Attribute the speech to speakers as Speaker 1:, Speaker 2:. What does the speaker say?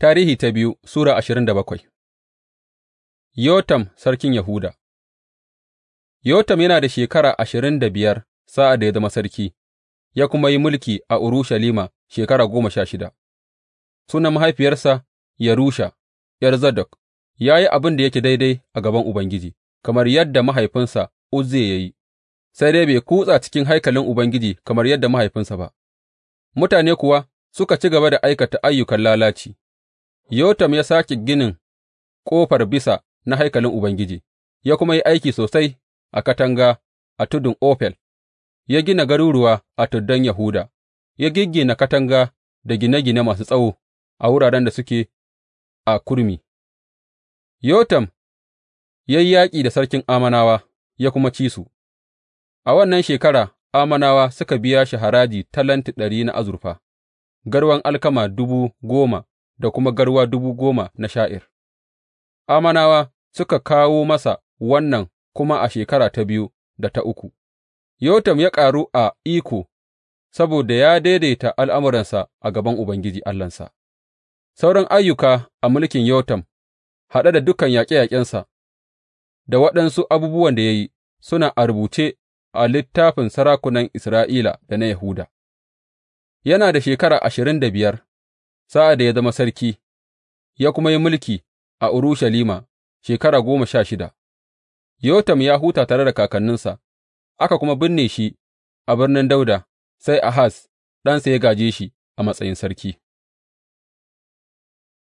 Speaker 1: Tarihi ta biyu Sura ashirin da bakwai Yotam sarkin Yahuda Yotam yana da shekara ashirin da biyar sa'ad da ya zama sarki, ya kuma yi mulki a Urushalima shekara goma sha shida. Sunan mahaifiyarsa Yarusha, ’yar Zadok, ya yi abin da yake daidai a gaban Ubangiji, kamar yadda mahaifinsa Uzze ya yi, sai dai bai kutsa cikin haikalin Ubangiji kamar yadda mahaifinsa ba, mutane kuwa suka ci gaba da aikata ayyukan lalaci. Yotam ya sāke ginin ƙofar bisa na haikalin Ubangiji, ya kuma yi aiki sosai a katanga a tudun Ofel, ya gina garuruwa a tuddan Yahuda, ya giggina katanga da gine-gine masu tsawo a wuraren da suke a kurmi. Yotam ya yi yaƙi da sarkin amanawa ya kuma ci su, a wannan shekara amanawa suka biya shi haraji talenti ɗari na azurfa, garwan alkama dubu goma da kuma garwa dubu goma na sha'ir, Amanawa suka kawo masa wannan kuma a shekara ta biyu da ta uku, Yotam ya ƙaru a iko saboda ya daidaita al'amuransa a gaban Ubangiji Allahnsa, sauran ayyuka a mulkin Yotam, haɗe da dukan yaƙe-yaƙensa da waɗansu abubuwan da ya yi, suna a rubuce a littafin sarakunan Isra'ila da na Yahuda. Yana da shekara ashirin da biyar sa'ad da ya zama sarki, ya kuma yi mulki a Urushalima shekara goma sha shida. Yotam ya huta tare da kakanninsa, aka kuma binne shi a birnin Dauda sai Ahaz ɗansa ya gaje shi a matsayin sarki.